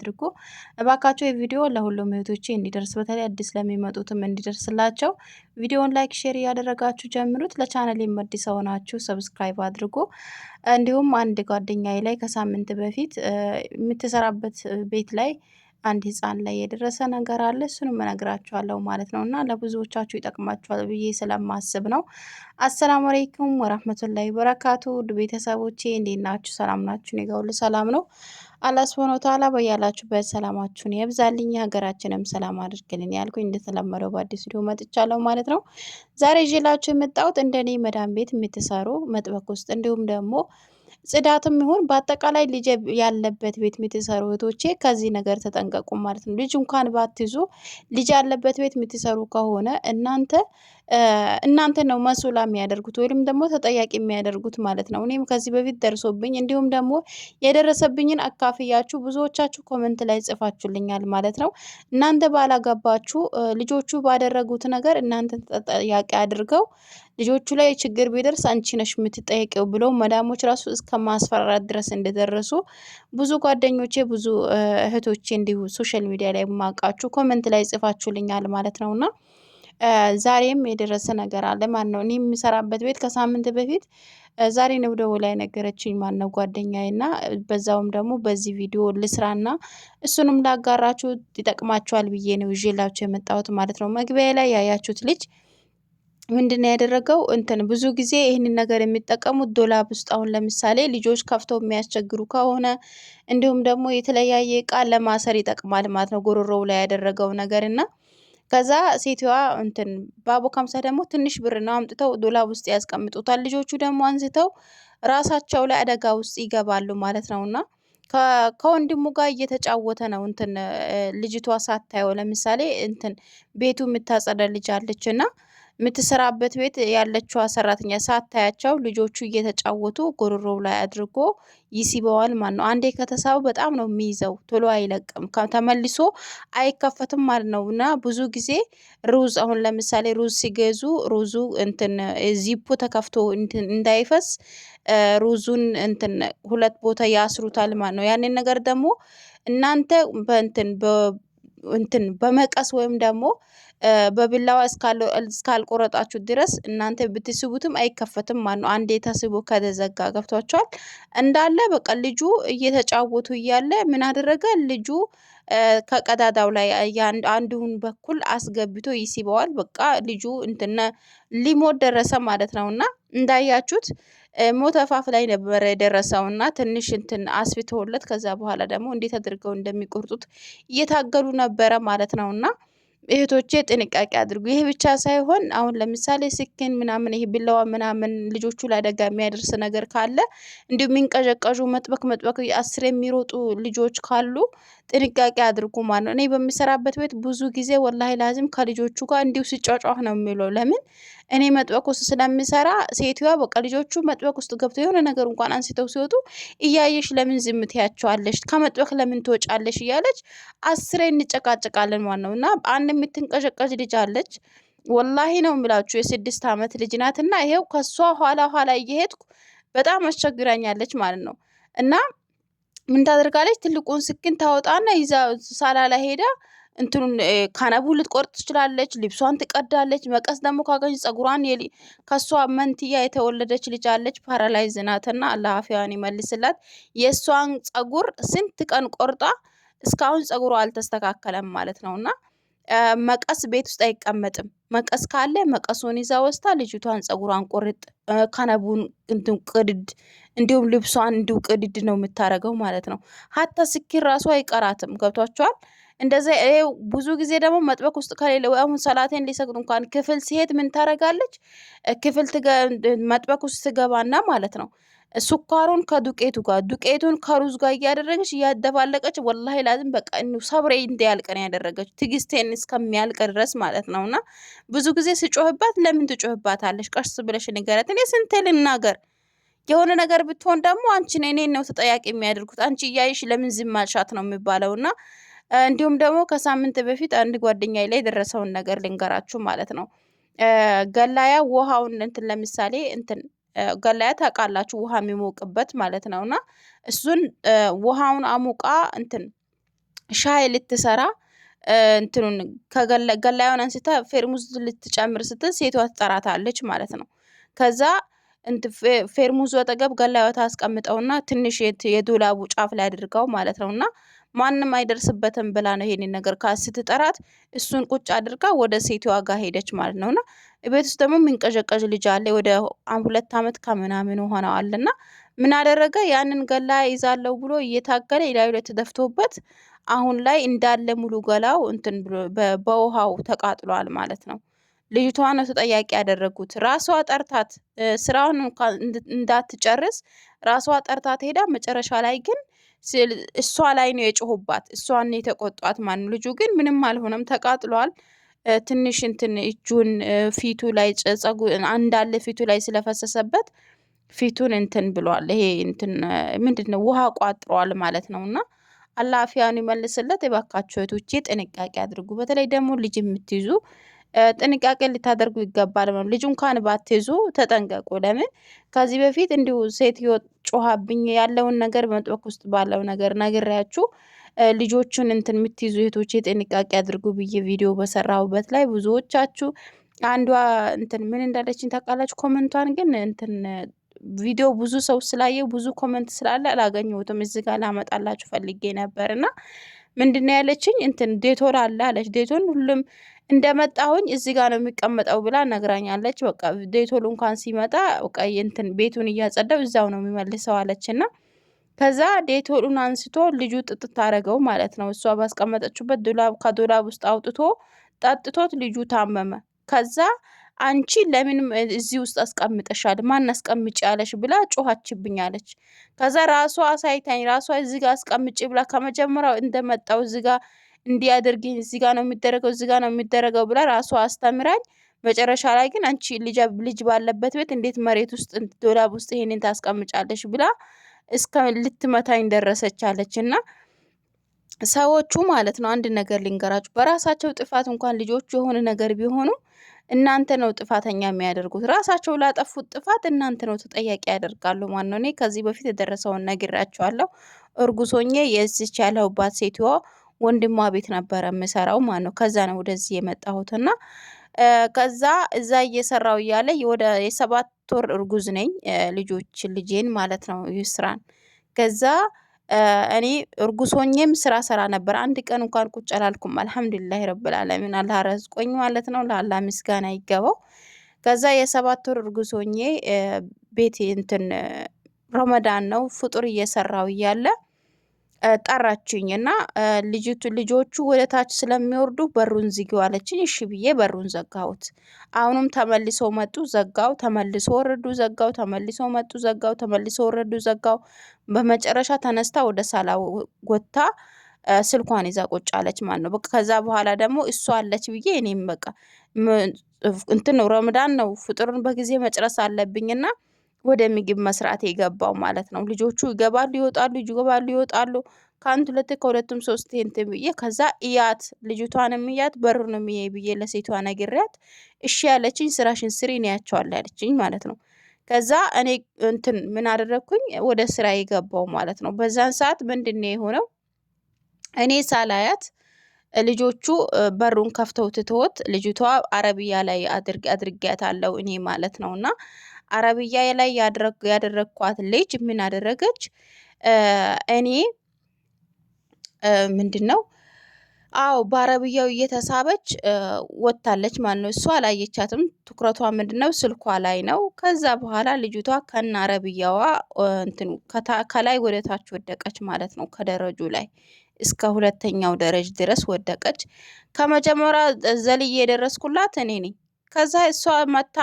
አድርጉ እባካቸው። የቪዲዮ ለሁሉም እህቶቼ እንዲደርስ በተለይ አዲስ ለሚመጡትም እንዲደርስላቸው ቪዲዮውን ላይክ፣ ሼር እያደረጋችሁ ጀምሩት። ለቻናል የመዲስ ሆናችሁ ሰብስክራይብ አድርጉ። እንዲሁም አንድ ጓደኛዬ ላይ ከሳምንት በፊት የምትሰራበት ቤት ላይ አንድ ህፃን ላይ የደረሰ ነገር አለ። እሱንም እነግራችኋለሁ ማለት ነው እና ለብዙዎቻችሁ ይጠቅማችኋል ብዬ ስለማስብ ነው። አሰላሙ አለይኩም ወራህመቱላሂ ወበረካቱ ቤተሰቦቼ እንዴት ናችሁ? ሰላም ናችሁ? እኔ ጋ ሁሉ ሰላም ነው። አላህ ሱብሃነሁ ወተዓላ በያላችሁበት ሰላማችሁን የብዛልኝ፣ ሀገራችንም ሰላም አድርግልን ያልኩኝ እንደተለመደው በአዲስ ቪዲዮ መጥቻለሁ ማለት ነው። ዛሬ ይዤላችሁ የመጣሁት እንደኔ መዳን ቤት የምትሰሩ መጥበቅ ውስጥ እንዲሁም ደግሞ ጽዳትም ይሁን በአጠቃላይ ልጅ ያለበት ቤት የምትሰሩ እህቶቼ ከዚህ ነገር ተጠንቀቁ ማለት ነው። ልጅ እንኳን ባትይዙ ልጅ ያለበት ቤት የምትሰሩ ከሆነ እናንተ እናንተ ነው መሶላ የሚያደርጉት ወይም ደግሞ ተጠያቂ የሚያደርጉት ማለት ነው። እኔም ከዚህ በፊት ደርሶብኝ እንዲሁም ደግሞ የደረሰብኝን አካፍያችሁ ብዙዎቻችሁ ኮመንት ላይ ጽፋችሁልኛል ማለት ነው። እናንተ ባላገባችሁ ልጆቹ ባደረጉት ነገር እናንተ ተጠያቂ አድርገው ልጆቹ ላይ ችግር ቢደርስ አንቺ ነሽ የምትጠየቀው ብሎ መዳሞች ራሱ እስከ ማስፈራራት ድረስ እንደደረሱ ብዙ ጓደኞቼ፣ ብዙ እህቶቼ እንዲሁ ሶሻል ሚዲያ ላይ ማውቃችሁ ኮመንት ላይ ጽፋችሁልኛል ማለት ነውና ዛሬም የደረሰ ነገር አለ ማለት ነው። እኔ የምሰራበት ቤት ከሳምንት በፊት ዛሬ ነው ደውላ የነገረችኝ ማለት ነው ጓደኛዬ እና በዛውም ደግሞ በዚህ ቪዲዮ ልስራና እሱንም ላጋራችሁ ይጠቅማችኋል ብዬ ነው ይዤላችሁ የመጣሁት ማለት ነው። መግቢያ ላይ ያያችሁት ልጅ ምንድን ነው ያደረገው? እንትን ብዙ ጊዜ ይህንን ነገር የሚጠቀሙት ዶላብ ውስጥ አሁን ለምሳሌ ልጆች ከፍተው የሚያስቸግሩ ከሆነ እንዲሁም ደግሞ የተለያየ ቃል ለማሰር ይጠቅማል ማለት ነው። ጎሮሮው ላይ ያደረገው ነገር እና ከዛ ሴትዋ እንትን ባቦ ካምሳ ደግሞ ትንሽ ብር ነው አምጥተው ዶላብ ውስጥ ያስቀምጡታል። ልጆቹ ደግሞ አንስተው ራሳቸው ላይ አደጋ ውስጥ ይገባሉ ማለት ነው እና ከወንድሙ ጋር እየተጫወተ ነው እንትን ልጅቷ ሳታየው ለምሳሌ እንትን ቤቱ የምታጸዳ ልጅ አለች እና የምትሰራበት ቤት ያለችዋ ሰራተኛ ሳታያቸው ልጆቹ እየተጫወቱ ጎሮሮው ላይ አድርጎ ይስበዋል ማለት ነው። አንዴ ከተሳቡ በጣም ነው የሚይዘው፣ ቶሎ አይለቅም፣ ተመልሶ አይከፈትም ማለት ነው። እና ብዙ ጊዜ ሩዝ አሁን ለምሳሌ ሩዝ ሲገዙ ሩዙ እንትን ዚፖ ተከፍቶ እንዳይፈስ ሩዙን እንትን ሁለት ቦታ ያስሩታል ማለት ነው። ያንን ነገር ደግሞ እናንተ በእንትን እንትን በመቀስ ወይም ደግሞ በቢላዋ እስካልቆረጣችሁ ድረስ እናንተ ብትስቡትም አይከፈትም ማ ነው። አንዴ ተስቦ ከተዘጋ ገብቷቸዋል እንዳለ በቃ ልጁ እየተጫወቱ እያለ ምን አደረገ ልጁ ከቀዳዳው ላይ አንዱን በኩል አስገብቶ ይስበዋል። በቃ ልጁ እንትነ ሊሞት ደረሰ ማለት ነው። እና እንዳያችሁት ሞት አፋፍ ላይ ነበረ የደረሰው እና ትንሽ እንትን አስፍተውለት ከዛ በኋላ ደግሞ እንዴት አድርገው እንደሚቆርጡት እየታገሉ ነበረ ማለት ነው እና እህቶቼ ጥንቃቄ አድርጉ። ይህ ብቻ ሳይሆን አሁን ለምሳሌ ስኪን ምናምን ይሄ ቢላዋ ምናምን ልጆቹ ለአደጋ የሚያደርስ ነገር ካለ እንዲሁም የሚንቀዠቀዡ መጥበቅ መጥበቅ አስር የሚሮጡ ልጆች ካሉ ጥንቃቄ አድርጉ ማለት ነው። እኔ በሚሰራበት ቤት ብዙ ጊዜ ወላሂ ላዚም ከልጆቹ ጋር እንዲሁ ሲጫጫህ ነው የሚለው። ለምን እኔ መጥበቅ ውስጥ ስለሚሰራ ሴትዮዋ በቃ ልጆቹ መጥበቅ ውስጥ ገብተው የሆነ ነገር እንኳን አንስተው ሲወጡ እያየሽ ለምን ዝም ትያቸዋለሽ? ከመጥበቅ ለምን ትወጫለሽ? እያለች አስሬ እንጨቃጨቃለን ማለት ነው። እና አንድ የምትንቀሸቀሽ ልጅ አለች ወላሂ ነው የምላችሁ የስድስት ዓመት ልጅ ናት። እና ይሄው ከሷ ኋላ ኋላ እየሄድኩ በጣም አስቸግራኛለች ማለት ነው እና ምን ታደርጋለች? ትልቁን ስክን ታወጣና ይዛ ሳላ ላይ ሄዳ እንትኑን ካነቡ ልትቆርጥ ትችላለች። ልብሷን ትቀዳለች። መቀስ ደግሞ ካገኝ ጸጉሯን ከሷ መንትያ የተወለደች ልጅ አለች ፓራላይዝ ናትና አላህ አፊያዋን ይመልስላት። የእሷን ጸጉር ስንት ቀን ቆርጣ እስካሁን ጸጉሯ አልተስተካከለም ማለት ነው እና መቀስ ቤት ውስጥ አይቀመጥም። መቀስ ካለ መቀሱን ይዛ ወስታ ልጅቷን ፀጉሯን ቁርጥ፣ ከነቡን እንትን ቅድድ፣ እንዲሁም ልብሷን እንዲሁ ቅድድ ነው የምታደርገው ማለት ነው። ሀታ ስኪን ራሱ አይቀራትም። ገብቷቸዋል። እንደዚ ብዙ ጊዜ ደግሞ መጥበቅ ውስጥ ከሌለ ወይ አሁን ሰላቴን ሊሰግዱ እንኳን ክፍል ሲሄድ ምን ታደርጋለች? ክፍል መጥበቅ ውስጥ ትገባና ማለት ነው ስኳሩን ከዱቄቱ ጋር ዱቄቱን ከሩዝ ጋር እያደረገች እያደባለቀች ወላሂ ላዝም በቃ ሰብሬ እንዲያልቅ ነው ያደረገች ትግስቴን እስከሚያልቅ ድረስ ማለት ነው። እና ብዙ ጊዜ ስጮህባት ለምን ትጮህባታለሽ? ቀስ ብለሽ ንገረት። እኔ ስንቴ ልናገር? የሆነ ነገር ብትሆን ደግሞ አንቺን እኔን ነው ተጠያቂ የሚያደርጉት። አንቺ እያይሽ ለምን ዝም አልሻት ነው የሚባለው እና እንዲሁም ደግሞ ከሳምንት በፊት አንድ ጓደኛ ላይ የደረሰውን ነገር ልንገራችሁ ማለት ነው። ገላያ ውሃውን እንትን ለምሳሌ እንትን ገላያ ታውቃላችሁ፣ ውሃ የሚሞቅበት ማለት ነው። እና እሱን ውሃውን አሙቃ እንትን ሻይ ልትሰራ እንትኑን ከገላዩን አንስታ ፌርሙዝ ልትጨምር ስትል ሴቷ ትጠራታለች ማለት ነው። ከዛ ፌርሙዙ አጠገብ ገላዩ ታስቀምጠውና ትንሽ የዱላቡ ጫፍ ላይ አድርገው ማለት ነው እና ማንም አይደርስበትም ብላ ነው ይሄንን ነገር ስትጠራት እሱን ቁጭ አድርጋ ወደ ሴቷ ጋር ሄደች ማለት ነው እና ቤት ውስጥ ደግሞ የሚንቀዠቀዥ ልጅ አለ። ወደ ሁለት ዓመት ከምናምን ሆነዋል እና ምን አደረገ? ያንን ገላ ይዛለው ብሎ እየታገለ ላዩ ላይ ተደፍቶበት አሁን ላይ እንዳለ ሙሉ ገላው እንትን ብሎ በውሃው ተቃጥሏል ማለት ነው። ልጅቷ ነው ተጠያቂ ያደረጉት። ራሷ ጠርታት ስራውን እንዳትጨርስ ራሷ ጠርታት ሄዳ መጨረሻ ላይ ግን እሷ ላይ ነው የጮሁባት። እሷን የተቆጧት ማን ልጁ ግን ምንም አልሆነም፣ ተቃጥሏል። ትንሽ እንትን እጁን ፊቱ ላይ ጸጉ እንዳለ ፊቱ ላይ ስለፈሰሰበት ፊቱን እንትን ብሏል። ይሄ እንትን ምንድን ነው ውሃ ቋጥሯል ማለት ነው። እና አላፊያን ይመልስለት። የባካቸው እህቶቼ ጥንቃቄ አድርጉ። በተለይ ደግሞ ልጅ የምትይዙ ጥንቃቄ ልታደርጉ ይገባል። ነው ልጅ እንኳን ባትይዙ ተጠንቀቁ። ለምን ከዚህ በፊት እንዲሁ ሴትዮ ጮኻብኝ ያለውን ነገር መጥበቅ ውስጥ ባለው ነገር ነግሬያችሁ ልጆቹን እንትን የምትይዙ እህቶቼ ጥንቃቄ አድርጉ ብዬ ቪዲዮ በሰራሁበት ላይ ብዙዎቻችሁ አንዷ እንትን ምን እንዳለችን ታውቃላችሁ። ኮመንቷን ግን እንትን ቪዲዮ ብዙ ሰው ስላየው ብዙ ኮመንት ስላለ አላገኘሁትም። እዚህ ጋር ላመጣላችሁ ፈልጌ ነበር እና ምንድን ነው ያለችኝ? እንትን ዴቶን አለ አለች። ዴቶን ሁሉም እንደመጣሁኝ እዚህ ጋር ነው የሚቀመጠው ብላ ነግራኛለች። በቃ ዴቶል እንኳን ሲመጣ በቃ እንትን ቤቱን እያጸዳው እዛው ነው የሚመልሰው አለች እና ከዛ ዴቶሉን አንስቶ ልጁ ጥጥት አረገው ማለት ነው። እሷ ባስቀመጠችበት ዱላብ ከዶላብ ውስጥ አውጥቶ ጠጥቶት ልጁ ታመመ። ከዛ አንቺ ለምን እዚህ ውስጥ አስቀምጠሻል? ማን አስቀምጭ ያለሽ ብላ ጮኋችብኝ አለች። ከዛ ራሷ አሳይታኝ ራሷ እዚ ጋ አስቀምጭ ብላ ከመጀመሪያው እንደመጣው እዚ ጋ እንዲያደርግኝ እዚ ጋ ነው የሚደረገው እዚ ጋ ነው የሚደረገው ብላ ራሷ አስተምራኝ። መጨረሻ ላይ ግን አንቺ ልጅ ባለበት ቤት እንዴት መሬት ውስጥ ዶላብ ውስጥ ይሄንን ታስቀምጫለሽ ብላ እስከ ልትመታኝ ደረሰች አለች እና ሰዎቹ ማለት ነው አንድ ነገር ሊንገራችሁ በራሳቸው ጥፋት እንኳን ልጆቹ የሆነ ነገር ቢሆኑ እናንተ ነው ጥፋተኛ የሚያደርጉት። ራሳቸው ላጠፉት ጥፋት እናንተ ነው ተጠያቂ ያደርጋሉ። ማን ነው? እኔ ከዚህ በፊት የደረሰውን ነግራችኋለሁ። እርጉሶኜ የዚች ያለሁባት ሴትዮ ወንድሟ ቤት ነበረ የምሰራው። ማን ነው? ከዛ ነው ወደዚህ የመጣሁትና ከዛ እዛ እየሰራው እያለ ወደ የሰባት ወር እርጉዝ ነኝ ልጆች ልጄን ማለት ነው ይስራን ከዛ እኔ እርጉዝ ሆኜም ስራ ሰራ ነበር። አንድ ቀን እንኳን ቁጭ አላልኩም። አልሐምዱሊላህ ረብል ዓለሚን አላህ ረዝቆኝ ማለት ነው። ለአላህ ምስጋና ይገባው። ከዛ የሰባት ወር እርጉዝ ሆኜ ቤት እንትን ረመዳን ነው ፍጡር እየሰራው እያለ ጠራችኝ እና ልጆቹ ወደ ታች ስለሚወርዱ በሩን ዝጊው አለችኝ። እሺ ብዬ በሩን ዘጋሁት። አሁንም ተመልሶ መጡ፣ ዘጋው። ተመልሶ ወረዱ፣ ዘጋው። ተመልሶ መጡ፣ ዘጋው። ተመልሶ ወረዱ፣ ዘጋው። በመጨረሻ ተነስታ ወደ ሳላ ጎታ ስልኳን ይዛ ቁጭ አለች ማለት ነው። በቃ ከዛ በኋላ ደግሞ እሷ አለች ብዬ እኔም በቃ እንትን ነው ረምዳን ነው ፍጡርን በጊዜ መጨረስ አለብኝና ወደ ምግብ መስራት የገባው ማለት ነው። ልጆቹ ይገባሉ ይወጣሉ፣ ይገባሉ ይወጣሉ። ከአንድ ሁለት ከሁለቱም ሶስት እንትን ብዬ ከዛ እያት ልጅቷንም እያት በሩንም እየ ብዬ ለሴቷ ነግሬያት እሺ ያለችኝ ስራሽን ስሪ ነው ያለችኝ ማለት ነው። ከዛ እኔ እንትን ምን አደረግኩኝ ወደ ስራ የገባው ማለት ነው። በዛን ሰዓት ምንድን ነው የሆነው? እኔ ሳላያት ልጆቹ በሩን ከፍተው ትትወት ልጅቷ አረብያ ላይ አለው እኔ ማለት ነው እና አረብያ ላይ ያደረግኳት ልጅ ምን አደረገች? እኔ ምንድን ነው አዎ በአረብያው እየተሳበች ወጥታለች ማለት ነው። እሷ አላየቻትም። ትኩረቷ ምንድን ነው ስልኳ ላይ ነው። ከዛ በኋላ ልጅቷ ከነ አረብያዋ እንትኑ ከላይ ወደ ታች ወደቀች ማለት ነው። ከደረጁ ላይ እስከ ሁለተኛው ደረጅ ድረስ ወደቀች። ከመጀመሪያ ዘልዬ የደረስኩላት እኔ ነኝ። ከዛ እሷ መታ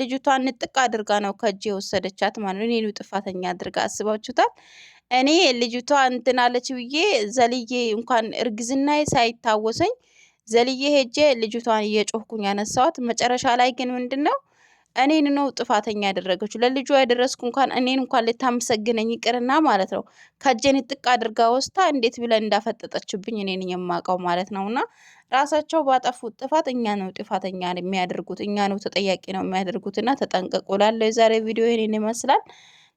ልጅቷን ንጥቅ አድርጋ ነው ከእጅ የወሰደቻት ማለት ነው። እኔ ጥፋተኛ አድርጋ አስባችሁታል። እኔ ልጅቷ እንትን አለች ብዬ ዘልዬ እንኳን እርግዝና ሳይታወሰኝ ዘልዬ ሄጄ ልጅቷን እየጮህኩኝ ያነሳዋት። መጨረሻ ላይ ግን ምንድን ነው እኔን ነው ጥፋተኛ ያደረገችው። ለልጇ ያደረስኩ እንኳን እኔን እንኳን ልታመሰግነኝ ይቅርና ማለት ነው ከእጄን ጥቅ አድርጋ ወስታ እንዴት ብለን እንዳፈጠጠችብኝ እኔን የማውቀው ማለት ነው። እና ራሳቸው ባጠፉት ጥፋት እኛ ነው ጥፋተኛ የሚያደርጉት፣ እኛ ነው ተጠያቂ ነው የሚያደርጉት። እና ተጠንቀቁ እላለሁ። የዛሬ ቪዲዮ ይህንን ይመስላል።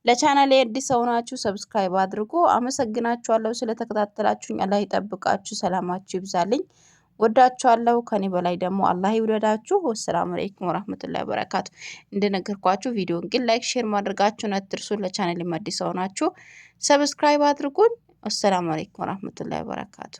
ለቻናሌ አዲስ ሆናችሁ ሰብስክራይብ አድርጉ። አመሰግናችኋለሁ ስለተከታተላችሁኝ። አላህ ይጠብቃችሁ። ሰላማችሁ ይብዛልኝ። ወዳችኋለሁ። ከኔ በላይ ደግሞ አላህ ይውደዳችሁ። ወሰላም አለይኩም ወራህመቱላሂ ወበረካቱ። እንደነገርኳችሁ ቪዲዮን ግን ላይክ፣ ሼር ማድረጋችሁን አትርሱ። ለቻናል የማዲስ ሆናችሁ ሰብስክራይብ አድርጉን። ወሰላም አለይኩም ወራህመቱላሂ ወበረካቱ።